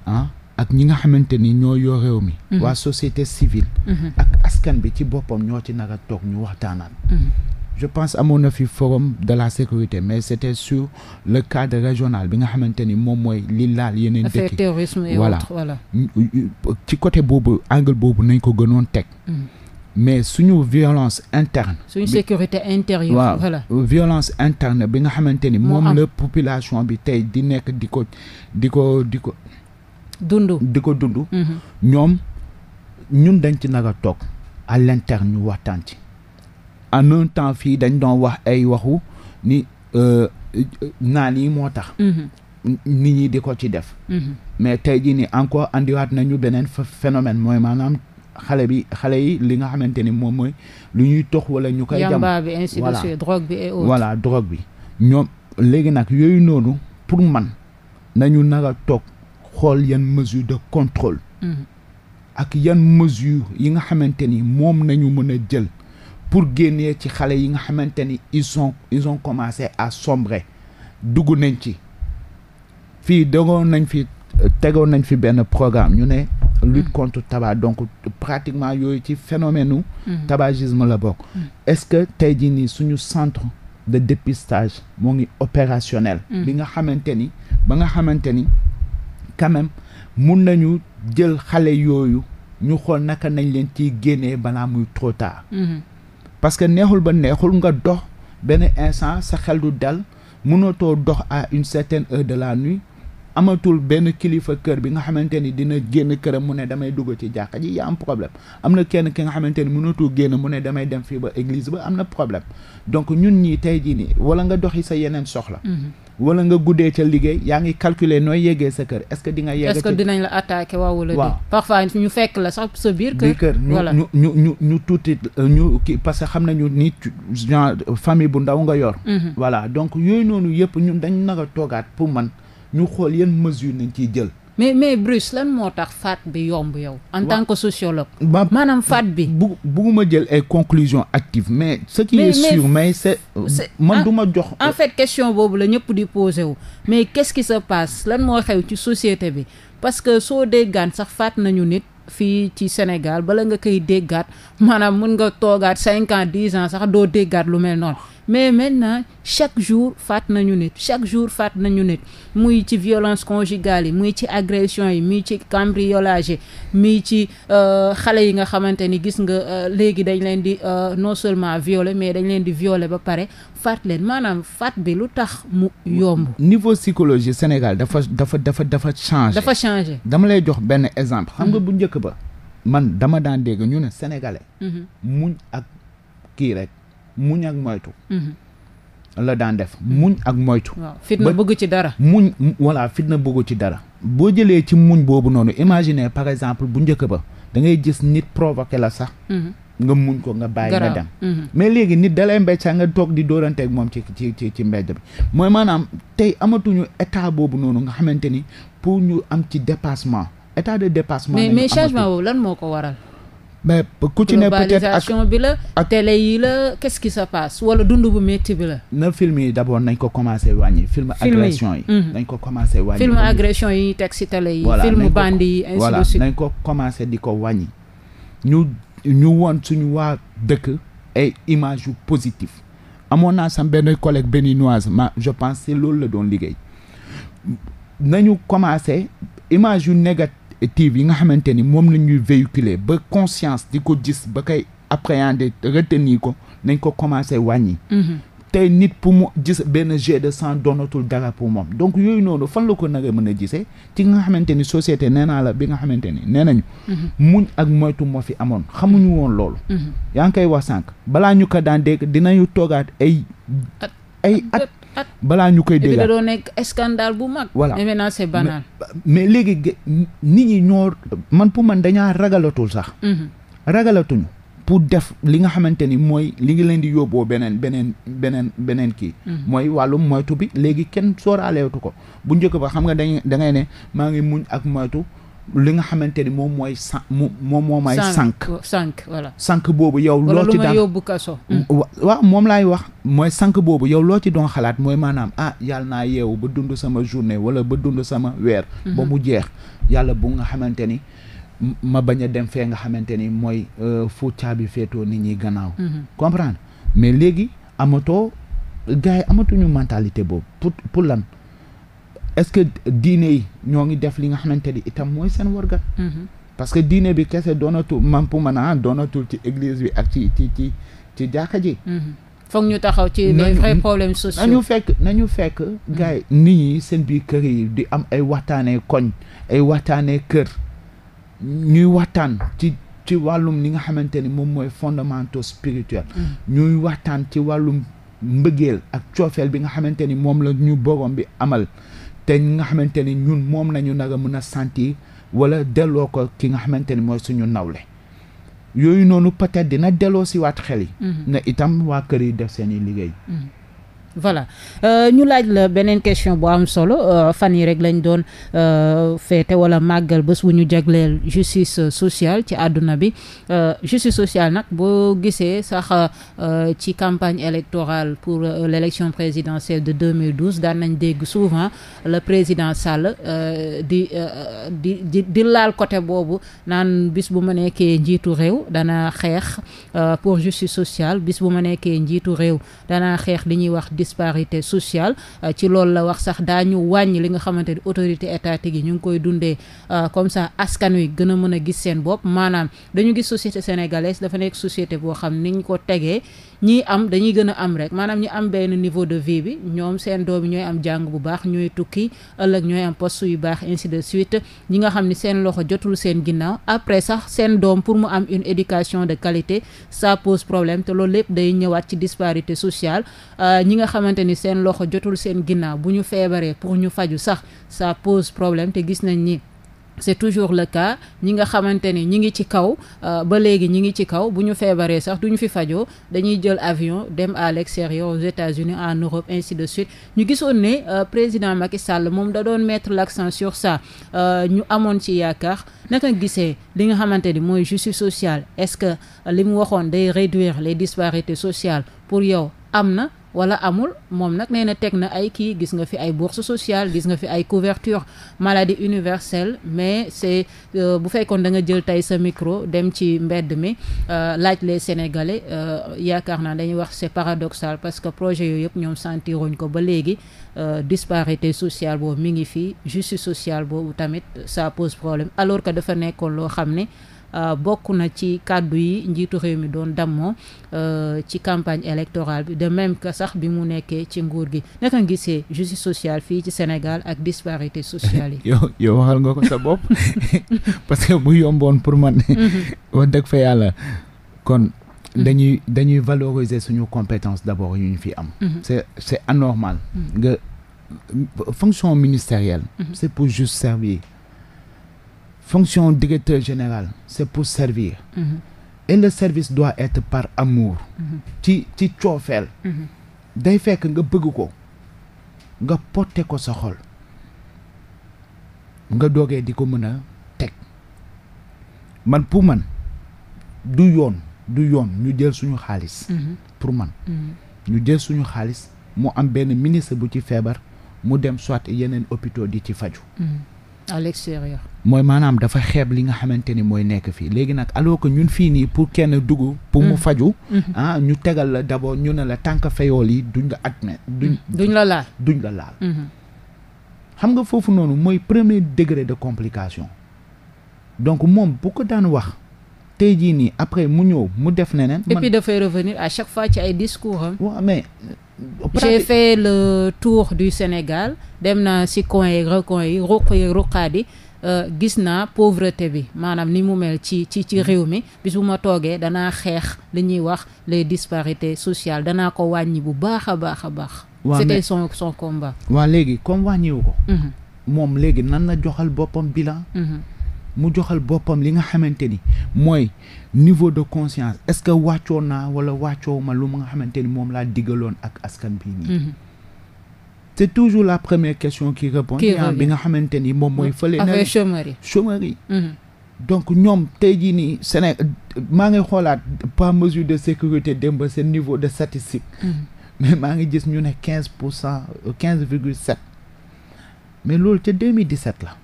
ah. ak ñi nga xamante ni ñoo yor mi. Mhm. waa société civile. Mhm. ak askan bi ci boppam ñoo ci nar a toog ñu waxtaanaan. Mhm. je pense amoon na fi forum de la sécurité mais c' su le cadre régional bi nga xamante ni moom mooy li laal yeneen dëkk yi voilà ci côté boobu angle boobu nañ ko gënoon teg mais suñu violence interne suñu sécurité intérieure waaw voilà violence interne bi nga xamante ni moom la population bi tey di nekk di ko di ko di ko dund di ko dund mhm. ñoom ñun dañ ci nar a toog à ñu waxtaan ci en un temps fii dañ doon wax ay waxu ni euh, naan yi moo tax mhm. nit ñi di ko ci def mhm. mais tey jii ni encore andiwaat nañu beneen phénomène mooy maanaam xale bi xale yi li nga xamante ni moom mooy lu ñuy tox wala ñu koy jam yamba bi ainsi drogue bi voilà drogue bi ñoom léegi nag yooyu noonu pour man nañu nar a toog xool yan mesure de contrôle mm-hmm. ak yan mesure yi nga xamante ni moom nañu mën a jël pour génnee ci xale yi nga xamante ni ils sont ils ont commencé à sombrer dugg nañ ci fii dogoon nañ fi tegoon nañ fi benn programme ñu ne lutte mm-hmm. contre tabac donc pratiquement yooyu ci phénomène u mm-hmm. tabagisme ce que tey jii nii suñu centre de dépistage moo ngi opérationnel li nga xamante ni ba nga xamante ni quand mun nañu jël xale yooyu ñu xool naka nañ leen ci génnee balaa muy trop tard. Mhm. parce que neexul ba neexul nga dox benn instant sa xel du dal mënatoo dox a une certaine heure de la nuit amatul benn kilifa kër bi nga xamante ni dina génn këram mu ne damay dugg ci jàkka ji yaa am na kenn ki nga xamante ni mënatul génn mu ne damay dem fii ba église ba am na problème donc ñun ñii tey jii nii wala nga doxi sa yeneen soxla. Mhm. wala nga guddee ca liggéey yaa ngi calculer nooy yeggee sa kër est-ce que di nga que dinañ la attaquer waaw wala waaw parfois ñu fekk la sax sa biir kër kër voilà ñu ñu ñu ñu tuuti euh, ñu kii parce que xam nañu nit genre famille bu ndaw nga yor mhm. voilà donc yooyu noonu yëpp ñun dañ nag a toogaat pour man ñu xool yan mesure nañ ciy jël mais mais Bruce lan moo tax faat bi yomb yow. en tant que sociologue. maanaam faat bi. bu bugguma jël ay conclusions actives mais. ce qui est sûr mais c'est euh, man du jox. en fait question boobu la ñëpp di posé wu. mais qu'est-ce qui se passe lan moo xew ci société bi parce que soo déggaan sax faat nañu nit. fii ci Sénégal bala nga koy déggaat maanaam mun nga toogaat cinq ans dix ans sax doo déggat lu mel noonu. mais maintenant chaque jour faat nañu nit chaque jour faat nañu nit muy ci violence conjugale yi muy ci agression yi muy ci cambriolage yi muy ci euh, xale yi nga xamante ni gis nga euh, léegi dañ leen di euh, non seulement viole mais dañ leen di violer ba pare faat leen maanaam faat bi lu tax mu yomb. niveau psychologie Sénégal dafa dafa dafa dafa changé. dafa changé dama lay jox benn exemple. xam nga mhm. bu njëkk ba. man dama daan dégg ñu ne sénégalais. Mhm. muñ ak kii rek. muñ ak moytu. Mhm. la daan def muñ ak moytu. waaw fitna bëgg ci dara. muñ voilà fitna bëggu ci dara. boo jëlee ci muñ boobu noonu imaginer par exemple bu njëkk ba da ngay gis nit provoqué la sax. Mhm. nga muñ ko nga bàyyi nga dem mhm. mais léegi nit dalay mbéj sax nga toog di dóoranteeg moom ci ci ci ci mbedd mooy maanaam tey amatuñu état boobu noonu nga xamante ni pour ñu am ci dépassement état de dépassement mais mais changement boobu lan moo ko waral mais ku ci ne peut-être bi la ak télé yi la qu'est-ce qui se passe wala dund bu métti bi la. na film yi d'abord nañ ko commencé wàññi. film agression yi mhm. nañ ko commencé wàññi. film agression yi teg si télé yi. film bandi yi ainsi nañ ko commencé di ko wàññi. ñu ñu woon suñu waa dëkk ay image yu positif amoon naa sam benn collègue béninoise ma je pense c'est loolu la doon liggéey nañu commencé image yu négatif. perspective yi nga xamante ni moom la ñuy véhiculer ba conscience di ko gis ba koy appréhender retenir ko nañ ko commencé wàññi. Mhm. tey nit pour mu gis benn jet de sang doonatul dara pour moom donc yooyu noonu fan la ko nare mën a gisee ci nga xamante ni société nee naa la bi nga xamante ni nee nañu. Mhm. muñ ak moytu moo fi amoon xamuñu woon loolu. Mhm. yaa ngi koy wax sànq balaa ñu ko daan dégg dinañu toogaat ay at balaa ñu koy dégg da doon nekk scandale bu mag. voilà mais maintenant mais léegi nit ñi ñoo man pour man dañaa ragalatul sax. Mm-hmm. ragalatuñu pour def li nga xamante ni mooy li ngi leen di yóbboo beneen beneen beneen beneen kii. Mm-hmm. mooy wàllum moytu bi léegi kenn sooraaleetu ko bu njëkk ba xam nga dañuy da ngay ne maa ngi muñ ak moytu. li nga xamante ni moom mooy san moom moo may sànq sànq voilà sànq boobu yow loo ci daan kaso mm. Mm. waaw moom laay wax mooy sànq boobu yow loo ci doon xalaat mooy maanaam ah yàlla naa yeewu ba dund sama journée wala ba dund sama weer ba mm-hmm. mu jeex yàlla bu nga xamante ni ma bañ a dem fee nga xamante ni mooy euh, fu caabi féetoo nit ñi gannaaw mm-hmm. comprendre mais léegi amatoo gars amatuñu mentalité boobu pour pour lan est-ce que diine yi ñoo ngi def li nga xamante ni itam mooy seen wargat mhm. parce que diine bi kese doonatu man pour ah, doonatul ci église bi ak ci ci ci ci jàkka ji. Mhm. foog ñu taxaw ci les vrais problèmes sociaux. nañu fekk nañu fekk. Mhm. gars yi nit ñi seen biir kër yi di am ay waxtaanee koñ ay waxtaanee kër ñuy waxtaan ci ci wàllum li nga xamante ni moom mooy fondamentaux spirituel. ñuy waxtaan ci wàllum mbëggeel ak coofeel bi nga xamante ni moom la ñu borom bi amal. te nga xamante ni ñun moom nañu nag a mën a sentir wala delloo ko ki nga xamante ni mooy suñu nawle yooyu noonu peut dina delloo si waat xel yi. Mm-hmm. ne itam waa kër yi def seen i liggéey. Mm-hmm. voilà euh, ñu laaj la beneen question bu am solo euh, fan yi rek lañ doon euh, feete wala màggal bés bu ñu jagleel justice sociale ci àdduna bi justice sociale nag boo gisee sax ci campagne électorale pour l'élection présidentielle de 2012 daan nañ dégg souvent le président Sall di di di di laal côté boobu naan bis bu ma nekkee njiitu réew dana xeex pour justice sociale bis bu ma nekkee njiitu réew dana xeex li ñuy wax disparité sociale euh, ci loolu la wax sax daañu wàññi li nga xamante ni autorité étatique yi ñu ngi koy dundee euh, comme ça askan wi gën a mën a gis seen bopp maanaam dañu gis société sénégalaise dafa nekk société boo xam ni ñu ko tegee ñiy am dañuy gën a am rek maanaam ñi am benn niveau de vie bi ñoom seen doom yi ñooy am jàng bu baax ñooy tukki ëllëg ñooy am poste yu baax in ainsi de suite ñi nga xam ne seen loxo jotul seen ginnaaw après sax seen doom pour mu am une éducation de qualité ça pose problème te loolu lépp day ñëwaat ci disparité sociale euh, ñi nga xamante ni seen loxo jotul seen ginnaaw bu ñu feebaree pour ñu faju sax ça pose problème te gis nañ ni c'est toujours le cas ñi nga xamante ni ñi ngi ci kaw euh, ba léegi ñi ngi ci kaw bu ñu feebaree sax du ñu fi fajoo dañuy jël avion dem à l'extérieur aux États-Unis en Europe ainsi de suite ñu gisoon ne euh, président Macky moom da doon mettre l'accent sur ça euh, ñu amoon ci yaakaar naka gisee li nga xamante ni mooy justice sociale est-ce que li mu waxoon day réduire les disparités sociales pour yow am na wala amul moom nag nee na teg na ay kii gis nga fi ay bourse sociale gis nga fi ay couverture maladie universelle mais c'est euh, bu fekkoon da nga jël tey sa micro dem ci mbedd mi euh, laaj les sénégalais euh, yaakaar naa dañuy wax c'est paradoxal parce que projet yooyu yëpp ñoom sentiruñ ko ba léegi disparité social boobu mi ngi fii justice social boobu tamit ça pose problème alors que dafa nekkoon loo xam ne Euh, bokk na ci kàddu yi njiitu réew mi doon dammoo euh, ci campagne électorale bi de même que sax bi mu nekkee ci nguur gi naka gisee justice sociale fii ci Sénégal ak disparité sociale yi. yow yow waxal nga ko sa bopp parce que bu yomboon pour man. Mm-hmm. wax dëgg fa yàlla kon. Mm-hmm. dañuy dañuy valoriser suñu compétence d'abord yu ñu fi am. Mm-hmm. c'est c'est anormal. nga fonction ministérielle. c'est pour juste servir. fonction directeur général c'est pour servir mm -hmm. et le service doit être par amour mm-hmm. ci ci coofeel mm-hmm. day fekk nga bëgg ko nga porté ko sa xol nga doogee di ko mën a teg man pour man du yoon du yoon ñu jël suñu xaalis mm-hmm. pour man ñu jël suñu xaalis mu am benn ministre bu ci feebar mu dem soit yeneen hôpitaux di ci faju à l'extérieur. mooy maanaam dafa xeeb li nga xamante ni mooy nekk fii léegi nag alors que ñun fii nii pour kenn dugg. pour mu mm. faju mm-hmm. ah ñu tegal la d'abord ñu ne la tànk feyool yi duñ la admet duñ mm. duñ la laal duñ la laal. Mm-hmm. xam nga foofu noonu mooy premier degré de complication donc moom bu ko daan wax. tey jii nii après mu ñëw mu def neneen. et puis dafay revenir à chaque fois ci ay discours am. waaw mais. Euh, j'ai le tour du Sénégal dem na si coin yi recoin yi ruqaat yi euh, gis naa pauvreté bi maanaam ni mu mel ci ci ci mm-hmm. réew mi bis bu ma toogee danaa xeex li ñuy wax les disparités sociale danaa ko wàññi bu baax a baax a baax. c'était son son combat. waaw léegi comme wàññiwu ko. Mm-hmm. moom léegi nan na joxal boppam bilan. Mm-hmm. mu joxal boppam li nga xamante ni mooy niveau de conscience est-ce que wàccoo naa wala wàccoo ma lu nga xamante ni moom laa digaloon ak askan bi nii mm-hmm. c'est toujours la première question qui répond bi nga xamante ni moom mooy fële na chômeur mm-hmm. donc ñoom tey jii nii Séné maa ngi xoolaat par mesure de sécurité démb seen niveau de statistique mm-hmm. mais maa ngi gis ñu ne quinze pour cent quinze virgule sept mais loolu ca 2017 la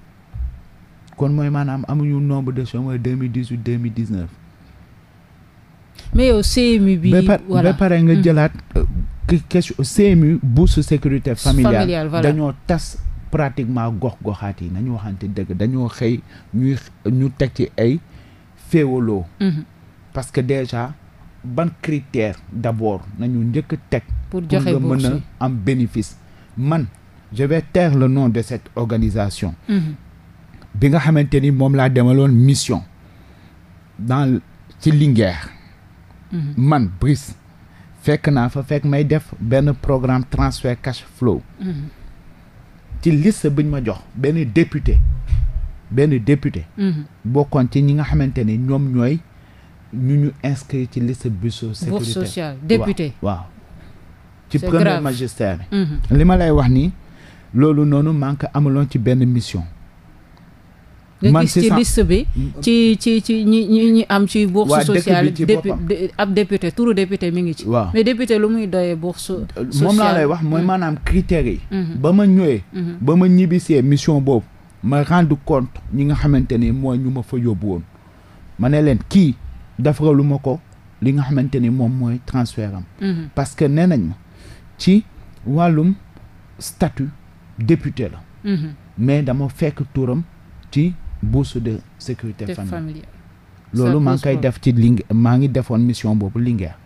kon mooy maanaam amuñu nombre de chômeurs deux mille dix huit deux mille dix neuf. mais yow CMU bi. voilà ba pare nga hmm. jëlaat euh, question CMU bourse sécurité familiale dañoo tas pratiquement gox-goxaat yi nañu waxante dëgg dañoo xëy ñuy ñu teg ci ay féewaloo. Hmm. parce que déjà ban critère d'abord nañu njëkk teg. pour joxe nga mën a am bénéfice. man je vais taire le nom de cette organisation. Hmm. bi nga xamante ni moom laa demaloon mission dans ci Linguère mhm. man Brice fekk naa fa fekk may def benn programme transfert cash flow mhm. ci liste bi ma jox benn député benn député mhm. bokkoon ci ñi nga xamante ni ñoom ñooy ñu ñu inscrit ci liste bourse sécurité député waaw ci premier li ma lay wax ni loolu noonu manque amaloon ci benn mission nga gis ci liste bi ci ci ñi ñi ñi am ci bourse sociale ab député turu député mi ngi ci waaw mais député lu muy doyee bourse euh, sociale moom laa lay wax mooy mm-hmm. maanaam critères yi mm-hmm. ba ma ñëwee mm-hmm. ba ma ñibbisee mission boobu ma rendre compte ñi nga xamante ni mooy ñu ma fa yóbbu woon ma ne leen kii defaralu ko li nga xamante ni moom mooy transfert am parce que nee nañ ma ci wàllum statut député la mais dama fekk turam ci bourse de sécurité familiale loolu maa ngi koy def ci Lingu maa ngi defoon mission boobu Linguère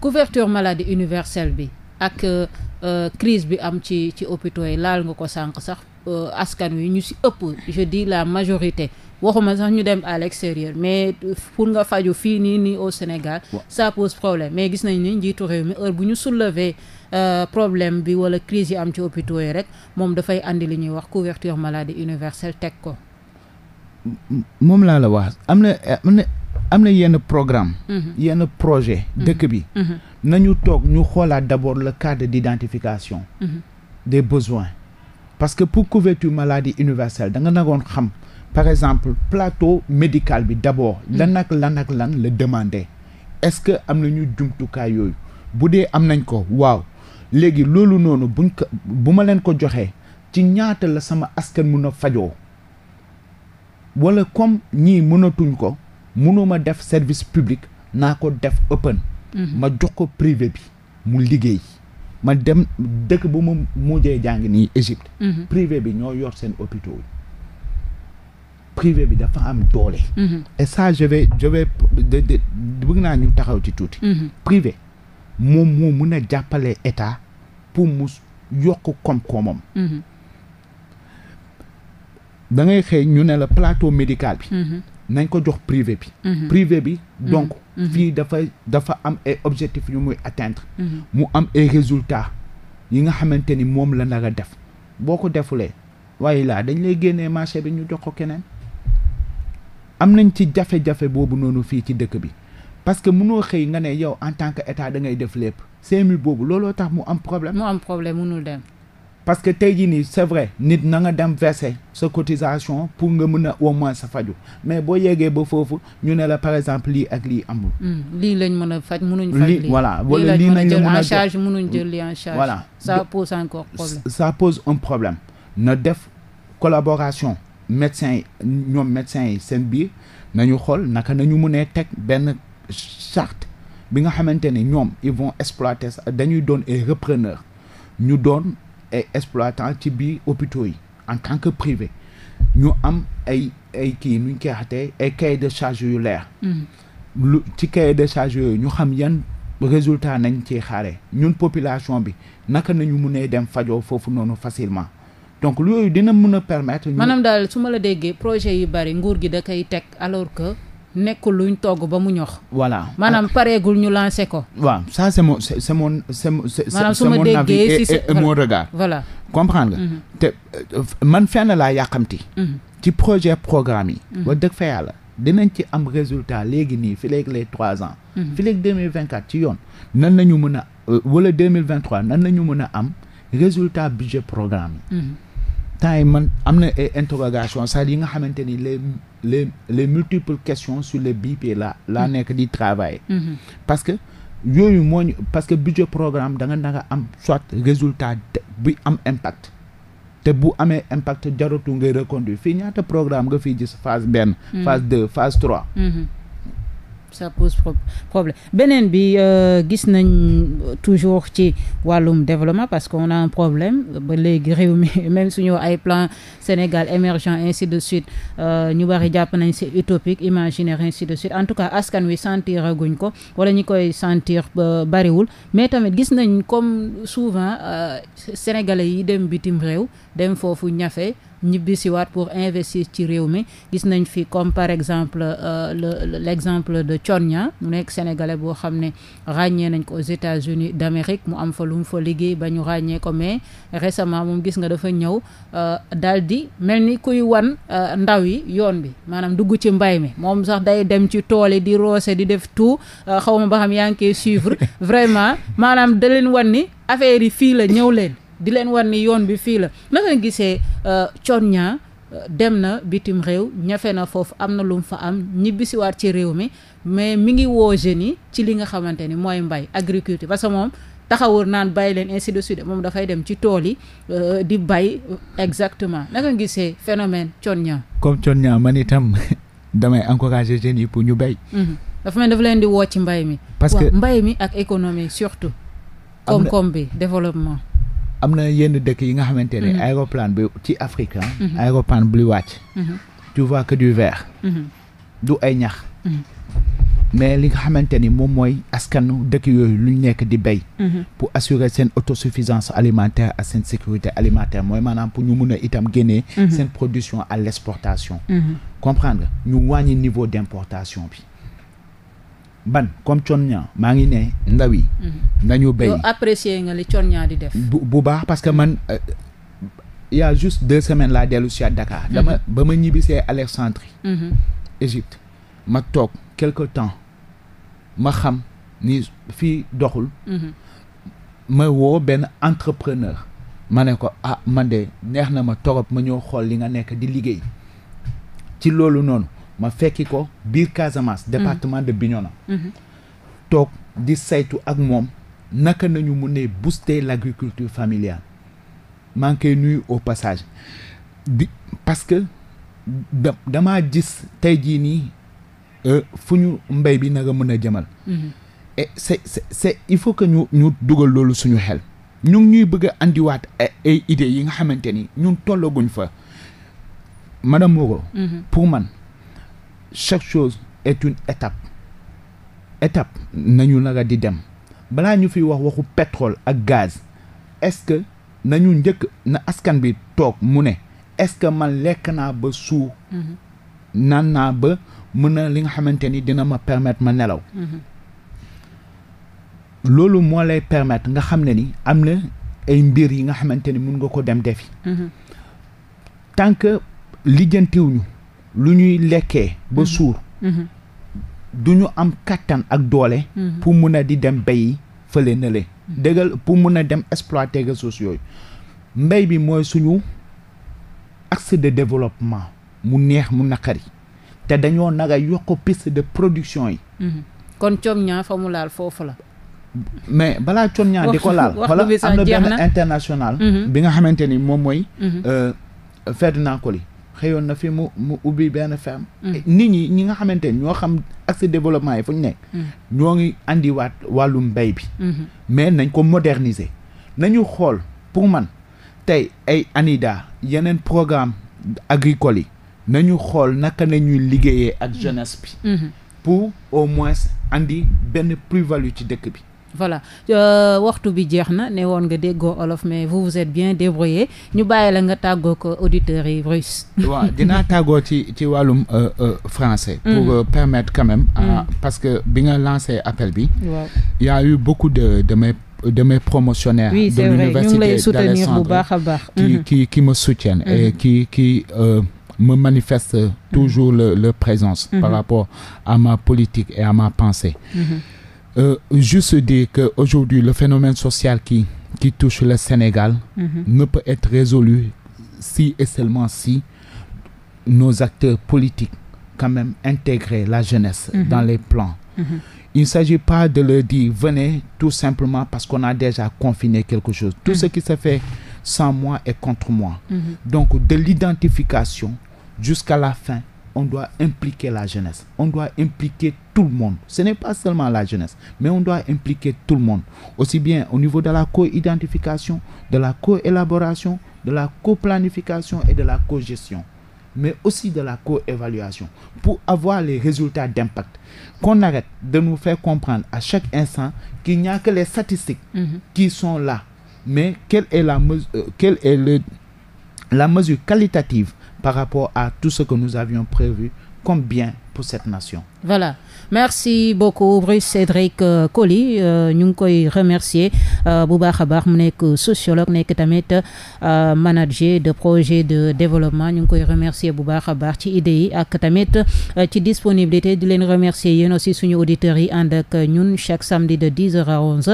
couverture maladie universelle bi ak euh, euh, crise bi am ci ci hôpitaux yi laal nga ko sànq sax euh, askan wi ñu si ëpp je dis la majorité waxuma sax ñu dem à l'extérieur mais pour nga faju fii nii nii au Sénégal ouais. ça pose problème mais gis nañ ni njiitu réew mi heure bu ñu soulever Euh, problème bi wala crise yi am ci hôpitaux yi rek moom dafay andi li ñuy wax couverture maladie universelle teg ko. moom laa la wax am na am na yenn programme mhm. yenn projet mhm. dëkk bi mhm. nañu toog ñu xoolaat d'abord le cadre d'identification des besoins parce que pour couverture maladie universelle da nga nagoon xam par exemple plateau médical bi d'abord lan nag lan ak lan la demander est-ce que am na ñu jumtukaay yooyu bu dee am nañ ko waaw léegi loolu noonu buñ ko bu ma leen ko joxee ci ñaata la sama askan mun na fajoo wala comme ñii mënatuñ ko mënuma def service public naa ko def open mhm. ma jox ko privé bi mu liggéey ma dem dëkk bu ma mujjee jàng nii Égypte mhm. privé bi ñoo yor seen hôpitaux yi privé bi dafa am doole mhm. et ça je vais je naa ñu taxaw ci tuuti privé moom moo mun a jàppale état pour mu yokk koom-koomam. Mhm. da ngay xëy ñu ne la plateau médical bi. Mhm. nañ ko jox privé bi. Mhm. privé bi donc. fii dafay dafa am ay objectifs yu muy atteindre. mu am ay résultats yi nga xamante ni moom la nar def boo ko defulee waaye laa dañ lay génnee marché bi ñu jox ko keneen am nañ ci jafe-jafe boobu noonu fii ci dëkk bi. parce que mënoo xëy nga ne yow en tant que état da ngay def lépp CMU boobu looloo tax mu am problème. mu am problème mënul dem. parce que tey jii nii c'est vrai nit na nga dem verser sa cotisation pour nga mun a au moins sa faju mais boo yeggee ba foofu ñu ne la par exemple lii ak lii amul. Hmm, lii lañ mën a faj mu faj lii voilà wala lii lañ mën a jël en charge jël lii en charge. voilà ça pose encore problème. ça pose un problème na def collaboration médecins yi ñoom médecins yi seen biir nañu xool naka nañu teg charte bi nga xamante ne ñoom ils vont exploiter dañuy doon ay repreneur ñu doon ay exploitant ci biir hôpitaux yi en tant que privé ñu am ay ay kii nuñ koy xatee ay cahier de charge yu leer mm-hmm. lu ci cahier de charge yooyu ñu xam yan résultat nañ ci xaare ñun population bi naka nañu mënee dem fajoo foofu noonu facilement donc loolu dina mën a permettre. maanaam daal su ma la déggee projet yu bari nguur gi da koy teg alors que. nekkul ñu togg ba mu ñor voilà maanaam pareegul ñu lancé ko. waaw ça c'est mon c'est mon c'est mon c'est mon avis voilà comprendre mhm. te euh, man fenn laa yàqamti. Mhm. ci projet programme yi. Mhm. wax dëgg fa yàlla dinañ ci am résultat léegi nii fi léegi le trois ans. fi léegi deux mille ci yoon. nan na ñu mën a euh, wala deux mille vingt trois nan la ñu mën a am résultat budget programme temps man am na ay interrogation yi nga xamante ni le le les multiples questions sur le BIP la laa mm-hmm. nekk di travail mm-hmm. parce que yooyu moo parce que budget programme da nga nga am soit résultat bi am impact te bu amee impact jaratu ngay reconduire fii ñaata programme nga fiy gis phase benn mm-hmm. phase deux phase trois ça pose problème beneen bi euh, gis nañ toujours ci wàllum développement parce que on a un problème ba léegi réew mi même suñu ay plan Sénégal émergent ainsi de suite euh, ñu bari jàpp nañ c'est utopique imaginaire ainsi de suite en tout cas askan wi sentir ko wala ñu koy sentir euh, bariwul mais tamit gis nañ comme souvent sénégalais yi dem bitim réew dem foofu ñafe ñibbisiwaat pour investir ci réew mi gis nañ fi comme par exemple euh, le l' exemple de Thionia mu nekk sénégalais boo xam ne ràññee nañ ko aux États-Unis d' Amérique mu am fa lu mu fa liggéey ba ñu ràññee ko mais récemment moom gis nga dafa ñëw euh, daal di mel ni kuy wan euh, ndaw yi yoon bi maanaam dugg ci mbay mi moom sax day dem ci tool yi di roose di def tout euh, xaw ma ba xam yaa ngi koy suivre vraiment maanaam da leen wan ni affaire yi fii la ñëw leen di leen wan ni yoon bi fii la naka nga gisee euh, Thione ñaa euh, dem na bitim réew ñafe na foofu am na lu mu fa am ñibbisiwaat ci réew mi mais mu ngi woo jeunes yi ci li nga xamante ni mooy mbay agriculture parce que moom taxawur naan bàyyi leen ainsi de suite moom dafay dem ci tool yi euh, di bay exactement naka gisee phénomène Thione Niang. comme Thione man itam damay encourager jeunes yi pour ñu bay. Mhm. dafa mel dafa leen di woo ci mbay mi. parce que mbay mi ak économie surtout. koom-koom bi développement. am na yenn dëkk yi nga xamante ne. Mhm. aéroplane bi ci Afrique ah. Mhm. aéroplane buy wàcc. Mhm. tu que du vert. du ay ñax. mais li nga xamante ni moom mooy askanu dëkk yooyu lu ñu nekk di béy. pour assurer seen autosuffisance alimentaire ak seen sécurité alimentaire mooy maanaam pour ñu mun a itam génne seen production à l' comprendre ñu wàññi niveau d' importation bi. ban comme Thione maa ngi ne ndaw yi. Mhm. nañu béy yow apprécier nga li Thione def. bu baax parce que man euh, juste deux semaines laa dellu si à Dakar. Mhm. dama ba ma ñibbisee Alexandrie. Mhm. Égypte ma toog quelque temps ma xam ni fii doxul. ma woo benn entrepreneur. ma ne ko ah man de neex na ma torop ma ñëw xool li nga nekk di liggéey ci loolu noonu. ma fekki ko biir Casamance. Mhm. département de Bignona. Mhm. toog di saytu ak moom naka nañu mun ne booster l' agriculture familiale maa ngi koy nuyu au passage di parce que da damaa gis tey jii nii euh, fu ñu mbay bi naka mën a jëmal. Mhm. et c' il faut que ñu ñu dugal loolu suñu xel. ñu ngi ñuy bëgg a andiwaat ay idées yi nga xamante ni ñun tollaguñ fa madame Moreau. pour man. chaque chose est une étape étape nañu naga di dem balaa ñu fi wax waxu pétrole ak gaz est-ce que nañu njëkk na askan bi toog mu ne est-ce que man lekk naa ba suuf mhm. naan naa ba mën na li nga xamante ni dina ma permettre ma nelaw mhm. loolu moo lay permettre nga xam ne ni am na ay mbir yi nga xamante ni mun nga ko dem defi mhm. tant que lijjantiwuñu lu ñuy lekkee ba mhm. suur mhm. du ñu am kàttan ak doole mhm. pour mun a di dem béyi fële na le dëggal pour mun a dem exploiter ressources yooyu mbay bi mooy suñu axe de développement mu neex mu naqari te dañoo nag a yokk piste de production yi kon coom ñaa fa mu laal foofu la mais balaa coom ñaa di ko laal wala am na international bi nga xamante ni moom mooy euh, Ferdinand Coly xëyoon na fi mu mu ubbi benn ferme. Mm. nit ñi ñi nga xamante ne ñoo xam accès développement yi fu ñu nekk. Mm. ñoo ngi andiwaat wàllum mbay bi. Mm-hmm. mais nañ ko moderniser. nañu xool pour man tey ay ANIDA yeneen programme agricole yi nañu xool naka nañuy liggéeyee ak mm. jeunesse bi. Mm-hmm. pour au moins indi benn plus-value ci dëkk bi. voilà euh, waxtu bi jeex na ne woon nga déggoo olof mais vous vous êtes bien débrouillé ñu bàyyi la nga tàggoo ko auditeurs yi russe. waaw dinaa tàggoo ci ci wàllum euh, euh, français. pour mm. permettre quand même. Mm. parce que bi nga lancé appel bi. waaw y a eu beaucoup de mes promotionnaires. de l'université d'Alexandrie bu baax a baax. Mm-hmm. qui qui qui me soutiennent. et mm-hmm. qui qui. me manifeste mm-hmm. toujours mmh. le, le présence mmh. par rapport à ma politique et à ma pensée. Euh, juste dire qu'aujourd'hui, le phénomène social qui, qui touche le Sénégal mmh. ne peut être résolu si et seulement si nos acteurs politiques quand même intégrer la jeunesse mmh. dans les plans. Mhm. Il ne s'agit pas de leur dire venez tout simplement parce qu'on a déjà confiné quelque chose. Tout mhm. ce qui se fait sans moi est contre moi. Mhm. Donc de l'identification jusqu'à la fin on doit impliquer la jeunesse, on doit impliquer tout le monde. Ce n'est pas seulement la jeunesse, mais on doit impliquer tout le monde, aussi bien au niveau de la co-identification, de la co-élaboration, de la co et de la co mais aussi de la co-évaluation, pour avoir les résultats d'impact. Qu'on arrête de nous faire comprendre à chaque instant qu'il n'y a que les statistiques mmh. qui sont là, mais quelle est la, euh, quelle est le, la mesure qualitative par rapport à tout ce que nous avions prévu comme bien pour cette nation. Voilà. merci beaucoup Bruce Cédric euh, Coly euh, ñu ngi koy remercier euh, bu baax a baax mu nekk sociologue nekk tamit manager de projet de développement ñu ngi koy remercier bu baax a baax ci idée yi ak tamit ci disponibilité di leen remercier yéen aussi suñu auditeurs yi ànd ak ñun chaque samedi de 10 heures à 11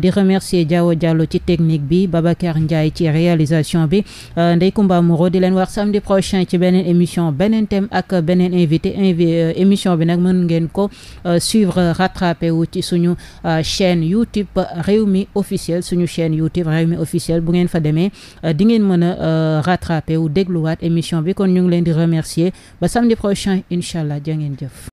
di remercier Diawo Diallo ci technique bi Babacar ndiay ci réalisation bi Ndeye Comba Moreau di leen wax samedi prochain ci beneen émission beneen thème ak beneen invité émission bi nag mën ngeen ko euh, suivre rattrapé wu ci suñu euh, chaîne YouTube Rewmi officiel suñu chaîne YouTube Rewmi officiel bu ngeen fa demee euh, di ngeen mën a rattrapé wu dégluwaat émission bi kon ñu ngi leen di remercier ba samedi prochain incha allah jaa ngeen jëf.